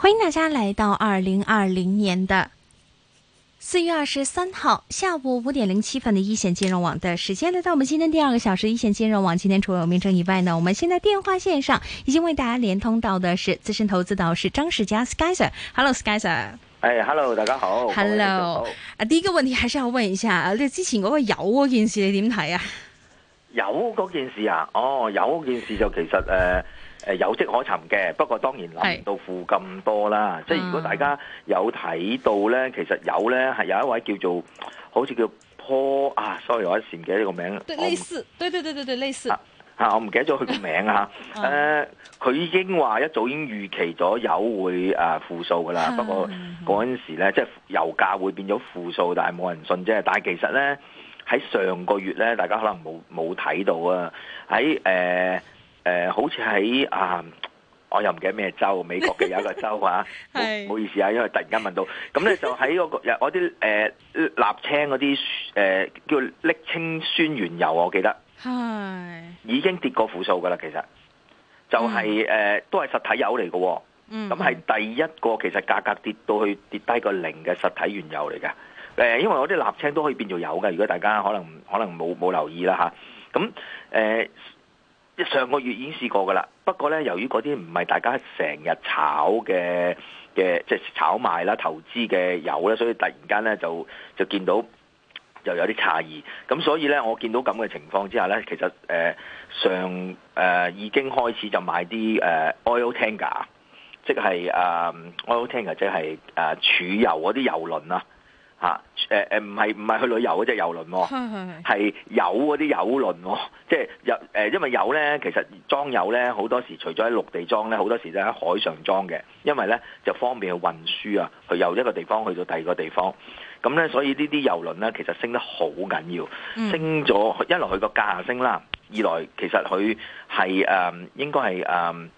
歡迎大家來到二零二零年的四月二十三號下午五點零七分的一線金融網的時間呢，來到我們今天第二個小時。一線金融網今天除了有名稱以外呢，我們現在電話線上已經為大家連通到的是資深投資導師張士佳 （Skyzer）。Hello，Skyzer。哎，Hello，大家好。Hello。啊，第一個問題還是要問一下，你之前嗰個有嗰件事你點睇啊？有嗰件事啊？哦，有件事就其實誒。呃誒有跡可尋嘅，不過當然諗唔到負咁多啦。是即係如果大家有睇到咧，其實有咧係有一位叫做好似叫坡啊，sorry，我一時唔記得呢個名。對，類似，不對對對對對，類似。嚇、啊！我唔記得咗佢個名 啊。誒，佢已經話一早已經預期咗油會誒負數㗎喇。 不過嗰陣時咧，即係油價會變咗負數，但係冇人信啫。但係其實咧，喺上個月咧，大家可能冇冇睇到啊。喺誒。呃誒、呃，好似喺啊，我又唔記得咩州，美國嘅有一個州 啊，唔好意思啊，因為突然間問到，咁咧就喺嗰、那個 我啲誒瀝青嗰啲誒叫瀝青酸原油，我記得係 已經跌過負數噶啦，其實就係、是、誒、呃、都係實體油嚟噶，咁係 第一個其實價格,格跌到去跌低個零嘅實體原油嚟噶，誒、呃，因為我啲瀝青都可以變做油噶，如果大家可能可能冇冇留意啦吓，咁、啊、誒。嗯呃呃即上個月已經試過㗎啦，不過咧，由於嗰啲唔係大家成日炒嘅嘅，即係炒賣啦、投資嘅油咧，所以突然間咧就就見到又有啲詫異。咁所以咧，我見到咁嘅情況之下咧，其實誒、呃、上誒、呃、已經開始就買啲誒、呃、oil tanker，即係誒、呃、oil tanker，即係誒、呃、儲油嗰啲油輪啦。啊，誒、呃、誒，唔係唔係去旅遊嗰隻遊輪、哦，係 油嗰啲油輪、哦，即係油誒，因為油咧，其實裝油咧，好多時除咗喺陸地裝咧，好多時就喺海上裝嘅，因為咧就方便去運輸啊，去由一個地方去到第二個地方，咁咧所以呢啲油輪咧，其實升得好緊要，嗯、升咗一來佢個價升啦，二來其實佢係誒應該係誒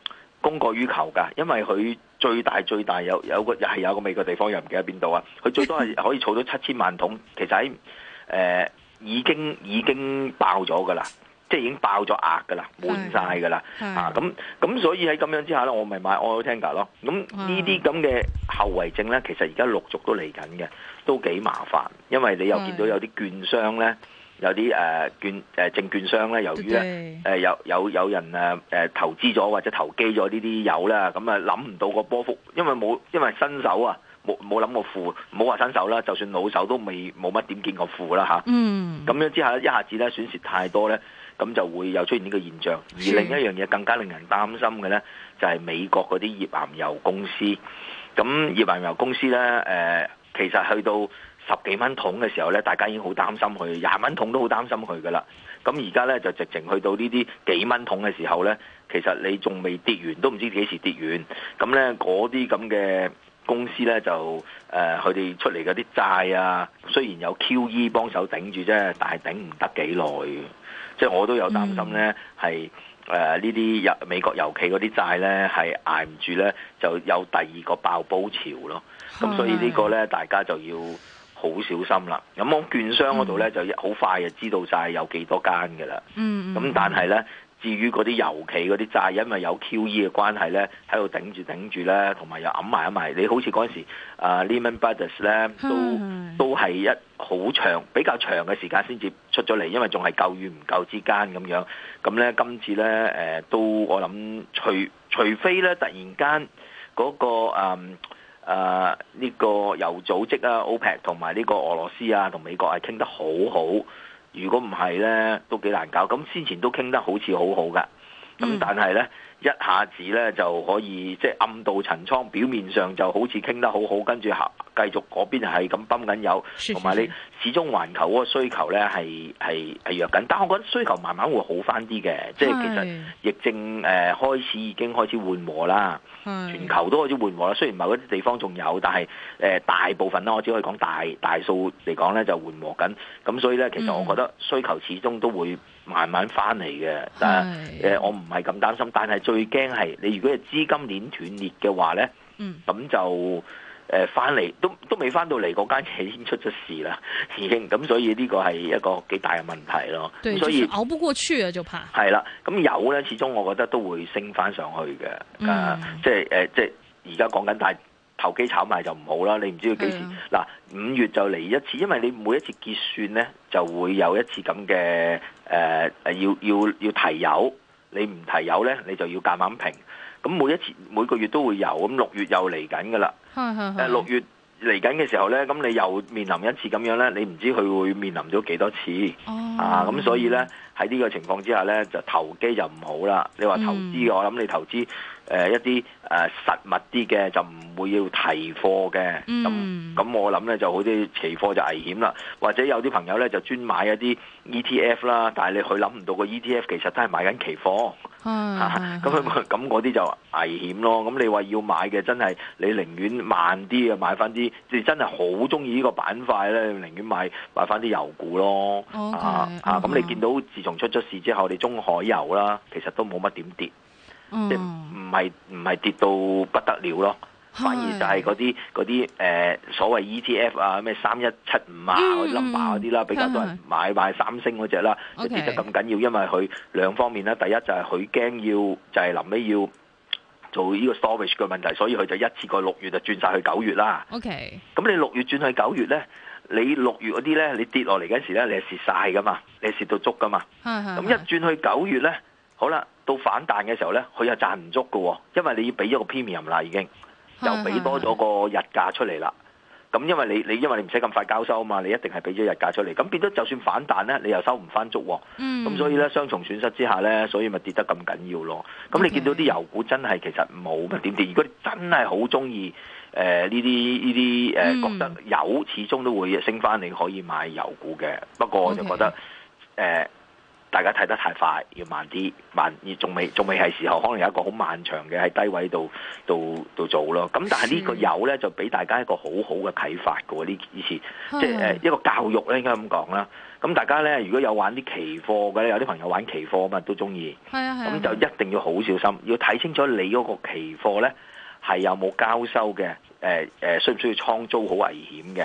供過於求㗎，因為佢。最大最大有有個又係有個美國地方又唔記得邊度啊！佢最多係可以儲到七千萬桶，其實喺誒、呃、已經已經爆咗㗎啦，即係已經爆咗額㗎啦，滿晒㗎啦啊！咁咁所以喺咁樣之下咧，我咪買 Oil Tanker 咯。咁呢啲咁嘅後遺症咧，其實而家陸續都嚟緊嘅，都幾麻煩，因為你又見到有啲券商咧。有啲誒、呃、券誒、呃、證券商咧，由於咧誒、呃、有有有人誒誒、呃、投資咗或者投機咗呢啲油啦，咁啊諗唔到個波幅，因為冇因為新手啊冇冇諗過負，唔好話新手啦，就算老手都未冇乜點見過負啦吓，嗯、啊，咁、mm. 樣之下一下子咧損蝕太多咧，咁就會又出現呢個現象。而另一樣嘢更加令人擔心嘅咧，就係、是、美國嗰啲頁岩油公司。咁頁岩油公司咧誒、呃，其實去到，十幾蚊桶嘅時候呢，大家已經好擔心佢，廿蚊桶都好擔心佢噶啦。咁而家呢，就直情去到呢啲幾蚊桶嘅時候呢，其實你仲未跌完，都唔知幾時跌完。咁呢嗰啲咁嘅公司呢，就誒佢哋出嚟嗰啲債啊，雖然有 QE 幫手頂住啫，但係頂唔得幾耐。即係我都有擔心呢，係誒呢啲美國油企嗰啲債呢，係捱唔住呢，就有第二個爆煲潮咯。咁所以呢個呢，大家就要好小心啦，咁往券商嗰度咧就好快就知道晒有幾多間嘅啦，咁、嗯嗯、但係咧至於嗰啲油企嗰啲債，因為有 QE 嘅關係咧，喺度頂住頂住咧，同埋又揞埋一埋。你好似嗰陣時、uh, Lehman Brothers 咧都都係一好長比較長嘅時間先至出咗嚟，因為仲係夠與唔夠之間咁樣。咁咧今次咧誒、呃、都我諗，除除非咧突然間嗰、嗰個、嗯啊！呢、這個油組織啊，OPEC 同埋呢個俄羅斯啊，同美國係傾得好好。如果唔係呢都幾難搞。咁先前都傾得好似好好噶，咁但係呢。嗯一下子咧就可以即係、就是、暗度陳倉，表面上就好似傾得好好，跟住下繼續，嗰邊係咁泵緊油，同埋你始終環球嗰個需求咧係係係弱緊，但係我覺得需求慢慢會好翻啲嘅，是即係其實疫症誒、呃、開始已經開始緩和啦，是全球都開始緩和啦。雖然某啲地方仲有，但係誒、呃、大部分啦，我只可以講大大數嚟講咧就緩和緊，咁所以咧其實我覺得需求始終都會。嗯慢慢翻嚟嘅，但係誒我唔係咁擔心，但係最驚係你如果係資金鏈斷裂嘅話咧，咁、嗯、就誒翻嚟都都未翻到嚟，嗰間企先出咗事啦，田兄。咁所以呢個係一個幾大嘅問題咯。所以，對所以熬不過去啊，就怕。係啦，咁油咧，始終我覺得都會升翻上去嘅。啊、呃嗯呃，即係誒，即係而家講緊，大。投機炒賣就唔好啦，你唔知佢幾時嗱五、啊、月就嚟一次，因為你每一次結算呢就會有一次咁嘅誒要要要提油，你唔提油呢，你就要夾硬平。咁每一次每個月都會有，咁六月又嚟緊噶啦。但六、啊、月嚟緊嘅時候呢，咁你又面臨一次咁樣呢，你唔知佢會面臨咗幾多次、哦、啊？咁所以呢，喺呢個情況之下呢，就投機就唔好啦。你話投資、嗯、我諗你投資。誒、呃、一啲誒、呃、實物啲嘅就唔會要提貨嘅，咁咁、嗯、我諗咧就好似期貨就危險啦，或者有啲朋友咧就專買一啲 ETF 啦，但係你去諗唔到個 ETF 其實都係買緊期貨，嚇，咁咁嗰啲就危險咯。咁你話要買嘅真係你寧願慢啲呀買翻啲，即係真係好中意呢個板塊咧，你寧願買買翻啲油股咯，嚇嚇，咁你見到自從出咗事之後，你中海油啦，其實都冇乜點跌。唔唔係唔係跌到不得了咯，反而就係嗰啲啲誒所謂 ETF 啊咩三一七五啊嗰啲冧 u 嗰啲啦，比較多人買埋、嗯、三星嗰隻啦，okay, 一就跌得咁緊要，因為佢兩方面啦，第一就係佢驚要就係臨尾要做呢個 storage 嘅問題，所以佢就一次過六月就轉晒去九月啦。咁 okay, 你六月轉去九月咧，你六月嗰啲咧你跌落嚟嗰時咧你蝕晒噶嘛，你蝕到足噶嘛。咁一轉去九月咧。嗯嗯嗯好啦，到反彈嘅時候呢，佢又賺唔足嘅、哦，因為你要俾咗個 premium 啦，已經又俾多咗個日價出嚟啦。咁因為你你因為你唔使咁快交收啊嘛，你一定係俾咗日價出嚟。咁變咗就算反彈呢，你又收唔翻足、哦。咁、嗯、所以呢，雙重損失之下呢，所以咪跌得咁緊要咯。咁你見到啲油股真係其實冇嘅點跌。嗯、如果你真係好中意誒呢啲呢啲誒覺得有，呃呃嗯、油始終都會升翻，你可以買油股嘅。不過我就覺得誒。嗯嗯大家睇得太快，要慢啲，慢啲仲未仲未係時候，可能有一個好漫長嘅喺低位度度度做咯。咁但係呢個有咧，就俾大家一個好好嘅啟發嘅喎。呢次即係誒的一個教育咧，應該咁講啦。咁大家咧，如果有玩啲期貨嘅咧，有啲朋友玩期貨啊嘛，都中意。係啊係咁就一定要好小心，要睇清楚你嗰個期貨咧係有冇交收嘅，誒、呃、誒、呃，需唔需要倉租，好危險嘅。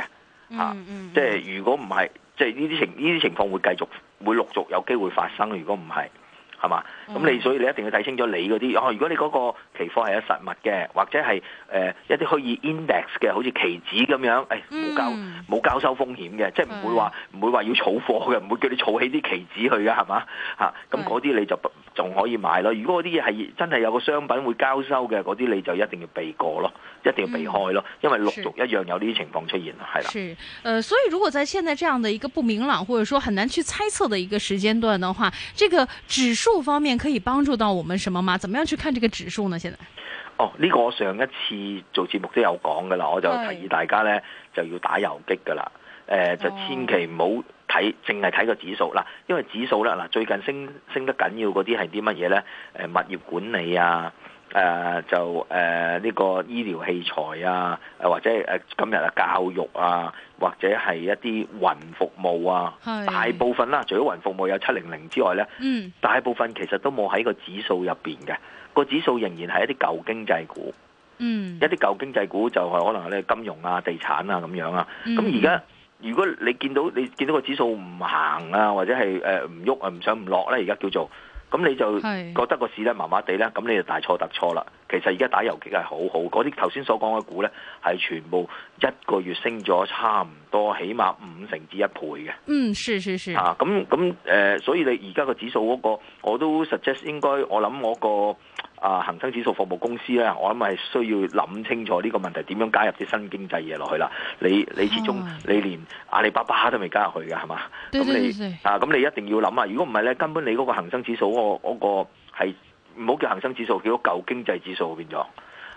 啊、嗯，嗯即係如果唔係，即係呢啲情呢啲情況會繼續。會陸續有機會發生，如果唔係。係嘛？咁你、嗯、所以你一定要睇清楚你嗰啲哦。如果你嗰個期貨係有實物嘅，或者係誒、呃、一啲虛擬 index 嘅，好似期指咁樣，誒、哎、冇交冇、嗯、交收風險嘅，即係唔會話唔、嗯、會話要儲貨嘅，唔會叫你儲起啲期指去㗎，係嘛？吓、啊，咁嗰啲你就仲可以買咯。如果嗰啲嘢係真係有個商品會交收嘅，嗰啲你就一定要避過咯，一定要避開咯，嗯、因為陸續一樣有呢啲情況出現啦，係啦、呃。所以如果在現在這樣的一個不明朗，或者說很難去猜測的一個時間段的話，這個指數。方面可以幫助到我們什麼嗎？怎麼樣去看這個指數呢？現在哦，呢、這個我上一次做節目都有講噶啦，我就提議大家呢是就要打游擊噶啦，誒、呃、就千祈唔好睇，淨係睇個指數啦，因為指數咧嗱，最近升升得緊要嗰啲係啲乜嘢呢？誒、呃、物業管理啊。誒、呃、就誒呢、呃個醫療器材啊，誒或者誒今日啊教育啊，或者係一啲雲服務啊，是大部分啦，除咗雲服務有七零零之外咧，嗯，大部分其實都冇喺個指數入邊嘅，個指數仍然係一啲舊經濟股，嗯，一啲舊經濟股就係可能咧金融啊、地產啊咁樣啊，咁而家如果你見到你見到個指數唔行啊，或者係誒唔喐啊，唔上唔落咧，而家叫做。咁你就覺得個市咧麻麻地咧，咁你就大錯特錯啦。其實而家打遊擊係好好，嗰啲頭先所講嘅股咧，係全部一個月升咗差唔多，起碼五成至一倍嘅。嗯，係係係。啊，咁咁誒，所以你而家個指數嗰個，我都 suggest 應該，我諗我個。啊，恆生指數服務公司咧，我諗係需要諗清楚呢個問題，點樣加入啲新經濟嘢落去啦。你你始終你連阿里巴巴都未加入去嘅係嘛？咁對你啊，咁你一定要諗啊！如果唔係咧，根本你嗰個恆生指數嗰嗰個係唔好叫恒生指數，叫舊經濟指數變咗。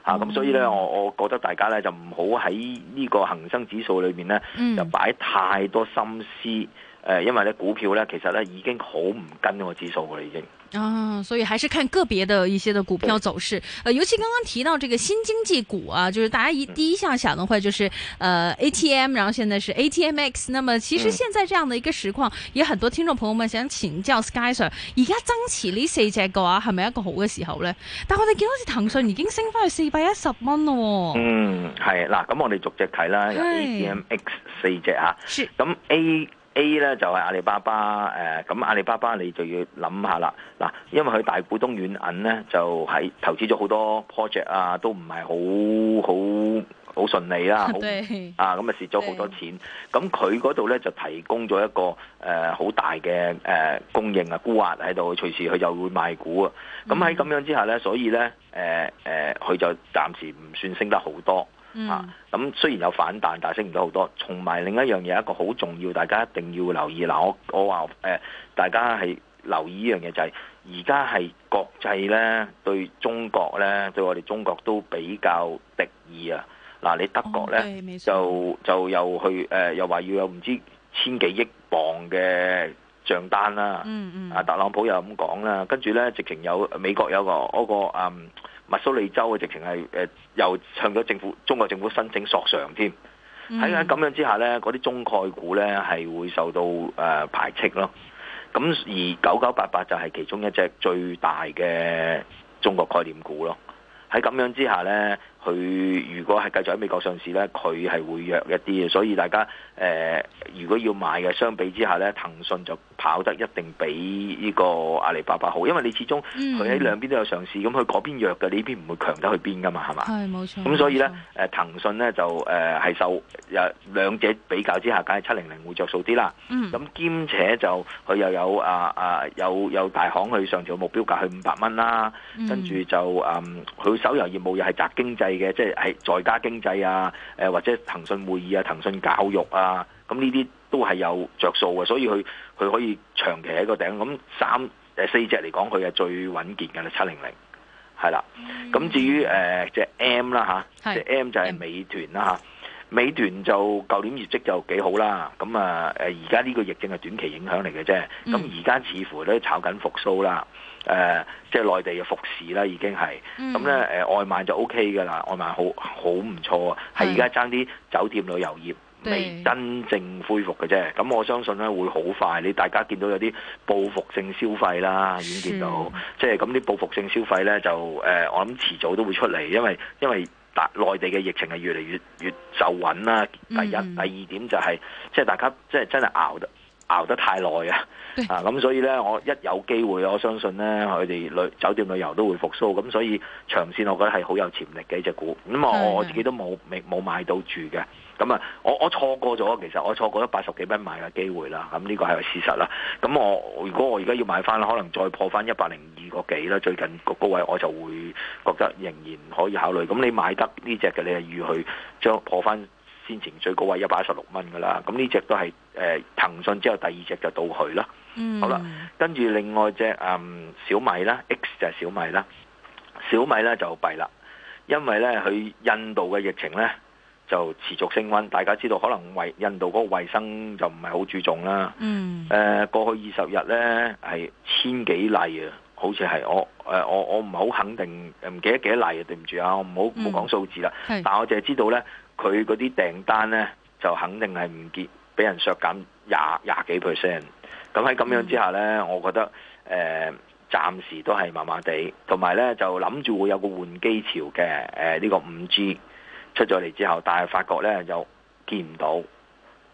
嗯、啊，咁所以咧，我我覺得大家咧就唔好喺呢個恒生指數裏面咧就擺太多心思。嗯誒，因為咧股票咧，其實咧已經好唔跟個指數噶啦，已經。哦，所以還是看個別的一些嘅股票走勢。誒、嗯呃，尤其剛剛提到這個新經濟股啊，就是大家一第一項想的話，就是誒、呃、ATM，然後現在是 ATMX。那麼其實現在這樣的一個實況，也、嗯、很多聽眾朋友們想請教 Sky Sir 而家增持呢四隻嘅話，係咪一個好嘅時候咧？但我哋見到好似騰訊已經升翻去四百一十蚊咯。嗯，係嗱，咁我哋逐隻睇啦，ATMX 有 ATMX 四隻吓、啊，咁是 A。A 咧就係、是、阿里巴巴，誒、呃、咁阿里巴巴你就要諗下啦，嗱，因為佢大股東軟銀咧就喺投資咗好多 project 啊，都唔係好好好順利啦、啊，對啊咁啊蝕咗好多錢，咁佢嗰度咧就提供咗一個誒好、呃、大嘅誒、呃、供應啊沽壓喺度，隨時佢就會賣股啊，咁喺咁樣之下咧，所以咧誒誒佢就暫時唔算升得好多。嗯、啊，咁雖然有反彈，但係升唔到好多。同埋另一樣嘢，一個好重要，大家一定要留意。嗱、啊，我我話誒、呃，大家係留意依樣嘢、就係，就係而家係國際咧對中國咧對我哋中國都比較敵意啊。嗱、啊，你德國咧、哦、就就又去誒、呃，又話要有唔知千幾億磅嘅賬單啦。嗯嗯。啊，特朗普又咁講啦，跟住咧直情有美國有個嗰、嗰個、嗯密蘇里州嘅直情係誒，又向咗政府中國政府申請索償添。喺喺咁樣之下呢，嗰啲中概股呢係會受到誒、呃、排斥咯。咁而九九八八就係其中一隻最大嘅中國概念股咯。喺咁樣之下呢。佢如果係繼續喺美國上市呢，佢係會弱一啲嘅，所以大家誒、呃、如果要買嘅，相比之下呢，騰訊就跑得一定比呢個阿里巴巴好，因為你始終佢喺兩邊都有上市，咁佢嗰邊弱嘅，你呢邊唔會強得去邊㗎嘛，係咪？係冇錯。咁、嗯、所以呢，誒，騰訊呢就誒係受誒兩者比較之下，梗係七零零會着數啲啦。咁兼、嗯嗯嗯、且就佢又有啊啊有有，有大行去上調目標價去五百蚊啦，跟住就誒佢、嗯嗯、手遊業務又係宅經濟。嘅即係喺在家經濟啊，誒或者騰訊會議啊、騰訊教育啊，咁呢啲都係有着數嘅，所以佢佢可以長期喺個頂咁三誒四隻嚟講，佢係最穩健嘅啦，七零零係啦。咁至於誒隻、呃、M 啦、啊、嚇，隻 M 就係美團啦嚇、啊，美團就舊年業績就幾好啦。咁啊誒而家呢個疫症係短期影響嚟嘅啫，咁而家似乎都炒緊復甦啦。誒、呃，即係內地嘅服侍啦，已經係咁咧。誒、嗯嗯，外賣就 O K 嘅啦，外賣好好唔錯啊。係而家爭啲酒店旅遊業對未真正恢復嘅啫。咁我相信咧會好快。你大家見到有啲報復性消費啦，已經見到是即係咁啲報復性消費咧就誒、呃，我諗遲早都會出嚟，因為因為大內地嘅疫情係越嚟越越就穩啦。第一，嗯、第二點就係、是、即係大家即係真係熬得熬得太耐啊！啊咁，所以呢，我一有機會，我相信呢，佢哋旅酒店旅遊都會復甦。咁所以長線，我覺得係好有潛力嘅一隻股。咁啊，我自己都冇未冇買到住嘅。咁啊，我我錯過咗，其實我錯過咗八十幾蚊買嘅機會啦。咁呢個係個事實啦。咁我如果我而家要買翻，可能再破翻一百零二個幾啦。最近個高位，我就會覺得仍然可以考慮。咁你買得呢隻嘅，你係預佢將破翻。先前最高位一百一十六蚊噶啦，咁呢隻都係誒、呃、騰訊之後第二隻就到佢啦。好啦，跟住另外隻誒、嗯、小米啦，X 就係小米啦。小米咧就弊啦，因為咧佢印度嘅疫情咧就持續升溫。大家知道可能衛印度嗰個衞生就唔係好注重啦。誒、嗯呃、過去二十日咧係千幾例啊，好似係我誒、呃、我我唔係好肯定，唔記得幾多例啊，對唔住啊，我唔好冇講數字啦。但我淨係知道咧。佢嗰啲訂單咧就肯定係唔結俾人削減廿廿幾 percent。咁喺咁樣之下咧，我覺得誒暫、呃、時都係麻麻地。同埋咧就諗住會有個換機潮嘅，誒呢個五 G 出咗嚟之後，但係發覺咧又見唔到，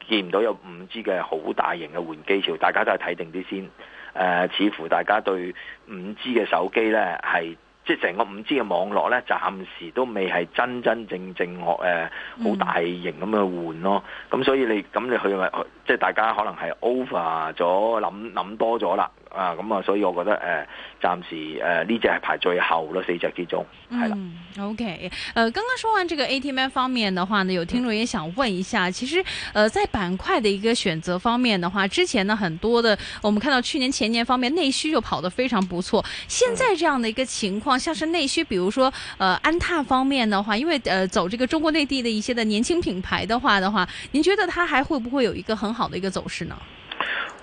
見唔到有五 G 嘅好大型嘅換機潮，大家都係睇定啲先。誒、呃、似乎大家對五 G 嘅手機咧係。即係成個五 G 嘅網絡咧，暫時都未係真真正正我誒好大型咁去換咯。咁、嗯、所以你咁你去咪即係大家可能係 over 咗諗諗多咗啦。啊，咁、嗯、啊，所以我覺得誒、呃，暫時誒呢、呃、只係排最後咯，四隻之中係啦、嗯。OK，誒、呃，剛剛說完這個 ATM 方面的話呢，有聽眾也想問一下，嗯、其實誒、呃、在板塊的一個選擇方面的話，之前呢很多的，我們看到去年前年方面內需就跑得非常不錯。現在這樣的一個情況，嗯、像是內需，比如說誒、呃、安踏方面的話，因為誒、呃、走這個中國內地的一些的年輕品牌的話的話，您覺得它還會不會有一個很好的一個走勢呢？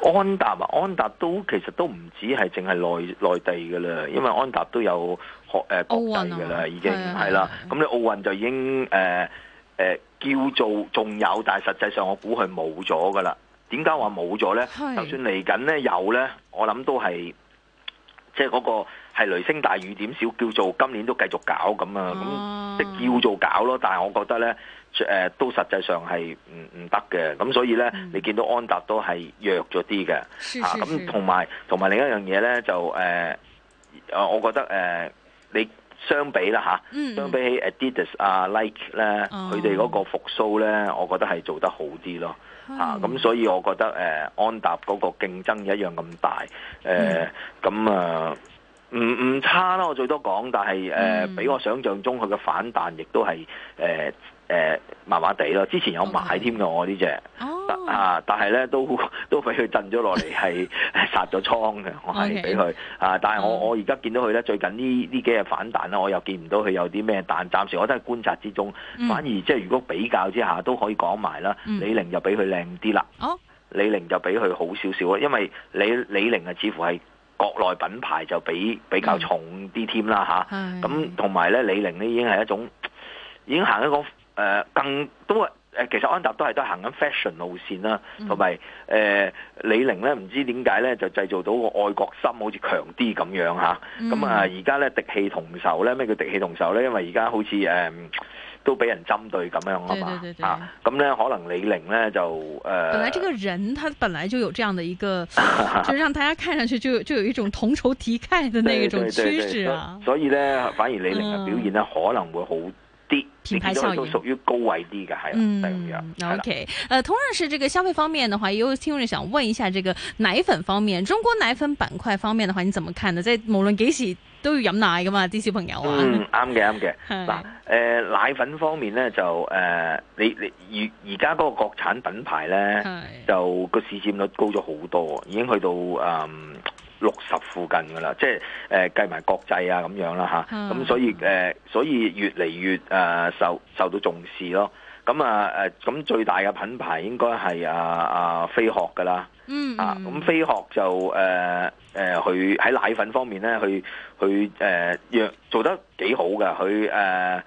安踏啊，安踏都其實都唔止係淨係內內地嘅啦，因為安踏都有學誒、呃、國際嘅啦，啊、已經係啦。咁你奧運就已經誒誒、呃呃、叫做仲有，但係實際上我估佢冇咗噶啦。點解話冇咗咧？就算嚟緊咧有咧，我諗都係即係嗰個。係雷聲大雨點小，叫做今年都繼續搞咁啊，咁即叫做搞咯。但係我覺得咧，誒、欸，都實際上係唔唔得嘅。咁所以咧，嗯、你見到安踏都係弱咗啲嘅，吓咁同埋同埋另一樣嘢咧就誒，誒、呃，我覺得誒、呃，你相比啦吓，啊嗯、相比起 Adidas 啊 Nike 咧，佢哋嗰個復甦咧，我覺得係做得好啲咯，吓咁、嗯啊、所以我覺得誒，安踏嗰個競爭一樣咁大，誒、呃，咁、呃呃嗯、啊。嗯嗯啊啊啊啊啊啊唔唔差啦，我最多講，但係誒，呃嗯、比我想像中佢嘅反彈亦都係誒誒，麻、呃、麻、呃、地咯。之前有買添嘅我呢隻，啊，但係咧都都俾佢震咗落嚟，係 殺咗倉嘅。我係俾佢啊，但係我、oh. 我而家見到佢咧，最近呢呢幾日反彈啦，我又見唔到佢有啲咩彈。但暫時我都係觀察之中，嗯、反而即係如果比較之下，都可以講埋啦。李寧就比佢靚啲啦，李寧就比佢好少少啊，因為李李寧啊，似乎係。國內品牌就比比較重啲添啦嚇，咁同埋咧李寧咧已經係一種已經行一個誒、呃，更多誒其實安踏都係都行緊 fashion 路線啦、啊，同埋誒李寧咧唔知點解咧就製造到個愛國心好似強啲咁樣嚇，咁啊而家咧敵愾同仇咧咩叫敵愾同仇咧？因為而家好似誒。嗯都俾人針對咁樣嘛，對對對對啊嘛嚇，咁、嗯、咧可能李寧咧就誒。呃、本來這個人他本來就有這樣的一個， 就讓大家看上去就就有一種同仇敵愾的那一種趨勢啊。對對對對對對對，所以咧，反而李寧嘅表現咧可能會好啲，其他、呃、都屬於高位啲嘅，係啊，係咁、嗯、樣。O、okay. K，呃，同樣是這個消費方面嘅話，有聽眾想問一下，這個奶粉方面，中國奶粉板塊方面嘅話，你怎麼看呢？在無論幾時。都要飲奶噶嘛，啲小朋友啊。嗯，啱嘅，啱嘅。嗱 是，誒、呃、奶粉方面咧就誒，你你而而家嗰個國產品牌咧，是就個市佔率高咗好多，已經去到誒六十附近噶啦，即係誒、呃、計埋國際啊咁樣啦吓，咁、 啊、所以誒、呃，所以越嚟越誒、呃、受受到重視咯。咁啊誒，咁、呃呃、最大嘅品牌應該係啊啊飛鶴噶啦。嗯，嗯啊，咁飛鶴就誒誒，佢、呃、喺、呃、奶粉方面咧，佢去誒，做做得幾好㗎，佢誒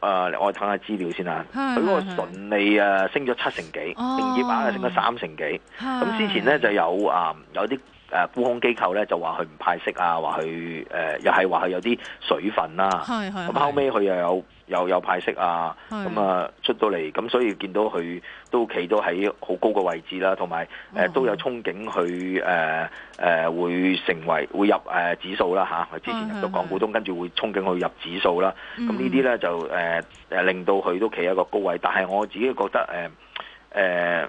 誒，我睇下資料先啦。佢嗰是個純利啊，升咗七成幾，營業額升咗三成幾。咁是是 之前咧就有啊、呃，有啲誒沽空機構咧就話佢唔派息啊，話佢誒又係話佢有啲水分啦、啊。係係。咁後尾，佢又有。又有派息啊，咁啊出到嚟，咁所以見到佢都企到喺好高嘅位置啦，同埋誒都有憧憬佢誒誒會成為會入誒、呃、指數啦嚇、啊，之前入到港股通，跟住會憧憬去入指數啦，咁呢啲咧就誒誒、呃、令到佢都企喺一個高位，但係我自己覺得誒誒。呃呃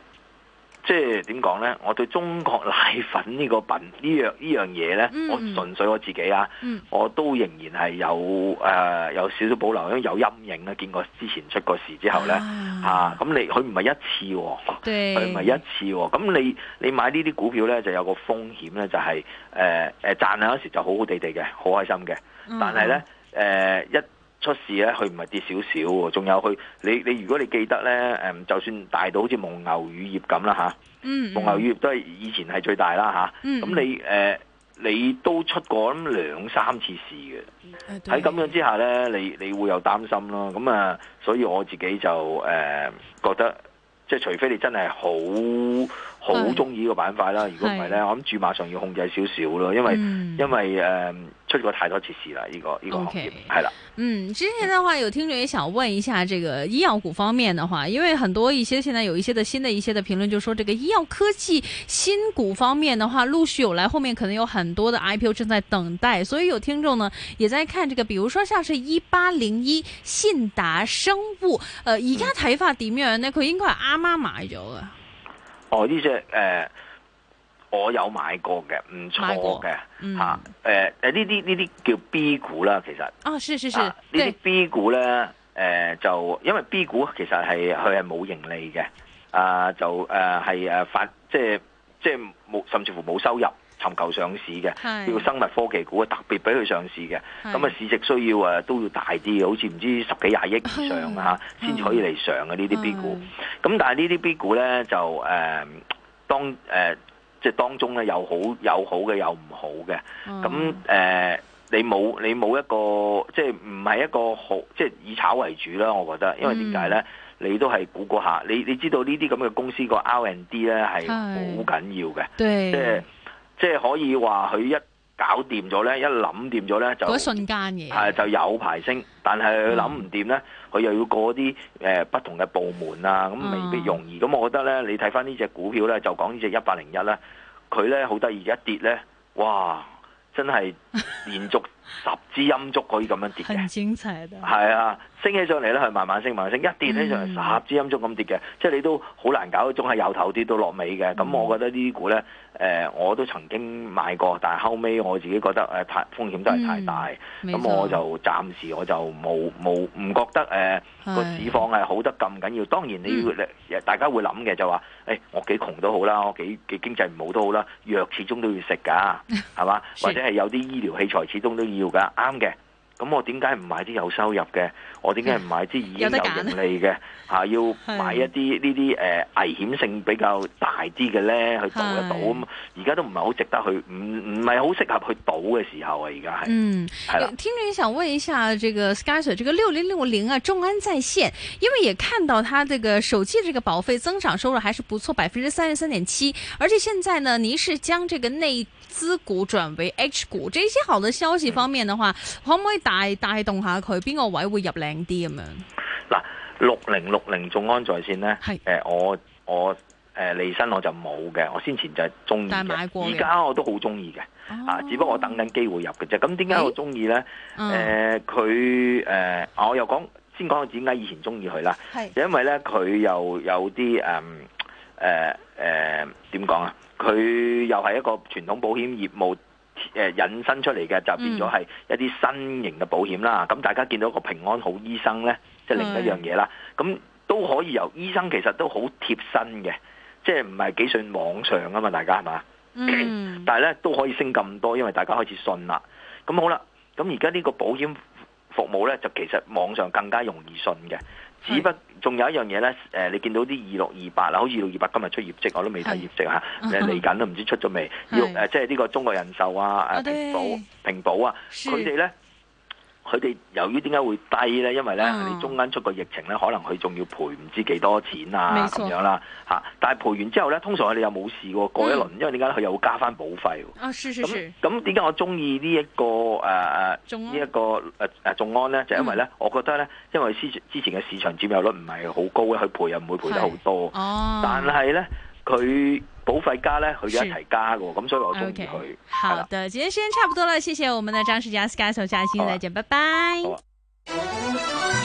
即係點講咧？我對中國奶粉呢個品、這個這個這個、呢樣呢樣嘢咧，嗯、我純粹我自己啊，嗯、我都仍然係有誒、呃、有少少保留，因為有陰影咧。見過之前出過事之後咧，吓咁、啊啊、你佢唔係一次、哦，佢唔係一次、哦，咁你你買呢啲股票咧就有個風險咧，就係誒誒賺下嗰時就好好地地嘅，好開心嘅，嗯、但係咧誒一。出事咧，佢唔係跌少少喎，仲有佢你你如果你記得咧，誒、嗯、就算大到好似蒙牛乳業咁啦嚇，啊嗯、蒙牛乳業都係以前係最大啦嚇，咁、啊嗯、你誒、呃、你都出過咁兩三次事嘅，喺咁樣之下咧，你你會有擔心咯，咁啊，所以我自己就誒、呃、覺得，即係除非你真係好。好中意呢個板塊啦，如果唔係呢，我諗住馬上要控制少少咯，因為、嗯、因為誒、呃、出咗太多次事啦，呢、這個呢、這個行業係 Okay. 啦。嗯，之前的話有聽眾也想問一下，這個醫藥股方面的話，因為很多一些現在有一些的新的一些的評論，就說這個醫藥科技新股方面的話，陸續有來，後面可能有很多的 IPO 正在等待，所以有聽眾呢也在看這個，比如說像是一八零一信達生物，誒而家睇法點樣呢？佢應該係啱啱買咗噶。我呢隻誒，我有買過嘅，唔錯嘅嚇。誒誒，呢啲呢啲叫 B 股啦，其實啊、哦，是是呢啲、啊、B 股咧誒對、呃，就因為 B 股其實係佢係冇盈利嘅啊、呃，就誒係誒發，即係即係冇，甚至乎冇收入。籃球上市嘅，呢個是生物科技股啊，特別俾佢上市嘅，咁啊是市值需要誒都要大啲嘅，好似唔知十幾廿億以上吓，先至是可以嚟上嘅呢啲 B 股。咁是但係呢啲 B 股咧就誒、呃、當誒、呃、即係當中咧有好有好嘅是、呃、有唔好嘅。咁誒你冇你冇一個即係唔係一個好即係以炒為主啦。我覺得，因為點解咧？嗯、你都係估估下，你你知道呢啲咁嘅公司個 R&D 咧係好緊要嘅，即係。是即係可以話佢一搞掂咗呢，一諗掂咗呢，就嗰瞬間嘅、啊、就有排升，但係佢諗唔掂呢，佢、嗯、又要過啲誒、呃、不同嘅部門啊，咁未必容易。咁、嗯、我覺得呢，你睇返呢隻股票呢，就講隻呢隻一百零一咧，佢呢好得意一跌呢，哇！真係連續。 十支陰燭可以咁樣跌嘅？係啊，升起上嚟咧，係慢慢升，慢慢升，一跌起上嚟，嗯、十支陰燭咁跌嘅，即係你都好難搞，總係有頭啲都落尾嘅。咁、嗯、我覺得呢啲股咧，誒、呃，我都曾經買過，但係後尾我自己覺得誒太、呃、風險真係太大，咁、嗯、我就暫時我就冇冇唔覺得誒個市況係好得咁緊要。當然你、嗯、大家會諗嘅就話，誒我幾窮都好啦，我幾我幾，幾經濟唔好都好啦，藥始終都要食噶，係嘛， 或者係有啲醫療器材始終都要。要噶，啱嘅。咁我點解唔買啲有收入嘅？我點解唔買啲已經有盈利嘅？嚇、啊、要買一啲呢啲誒危險性比較大啲嘅咧去賭一賭？而家的都唔係好值得去，唔唔係好適合去賭嘅時候啊！而家係嗯係啦。的聽住想問一下這，這個 Scatter，這個六零六零啊，眾安在線，因為也看到佢這個首季嘅這個保費增長收入還是不錯，百分之三十三點七。而且現在呢，您是將這個內資股轉為 H 股，這些好的消息方面嘅話，可帶帶動下佢邊個位會入靚啲咁樣？嗱，六零六零眾安在線咧，係誒是、呃，我我誒，離、呃、身我就冇嘅，我先前就係中意買過嘅，而家我都好中意嘅，啊，啊，只不過我等緊機會入嘅啫。咁點解我中意咧？誒是，佢誒、呃呃，我又講先講下點解以前中意佢啦，係是因為咧佢又有啲誒誒誒，點講啊？佢、呃呃、又係一個傳統保險業務。誒引申出嚟嘅就變咗係一啲新型嘅保險啦，咁、嗯、大家見到個平安好醫生呢，即係、嗯、另一樣嘢啦，咁都可以由醫生其實都好貼身嘅，即係唔係幾信網上啊嘛，大家係嘛？嗯，但，但係呢都可以升咁多，因為大家開始信啦。咁好啦，咁而家呢個保險服務呢，就其實網上更加容易信嘅。是只不仲有一樣嘢咧，你見到啲二六二八啦，好似二六二八今日出業績，我都未睇業績嚇，嚟緊是、啊、都唔知出咗未，要誒是、啊，即係呢個中國人壽啊，誒、啊，平保、啊、平保啊，佢哋咧。佢哋由於點解會低咧？因為咧，佢哋、嗯、中間出個疫情咧，可能佢仲要賠唔知幾多錢啊咁錯樣啦嚇。但係賠完之後咧，通常佢哋又冇事喎。過一輪，嗯、因為點解咧，佢又會加翻保費。啊，咁點解我中意呢一個誒誒呢一個誒誒、呃、眾安咧？就係、因為咧，嗯、我覺得咧，因為之之前嘅市場佔有率唔係好高嘅，佢賠又唔會賠得好多。啊、但係咧，佢。保費加咧，佢一齊加㗎，咁是、嗯、所以我中意佢。Okay. 的好的，今天時間差唔多啦，謝謝我們的張士佳、s c y 小姐， 下期再見，拜拜 Okay. bye。Okay.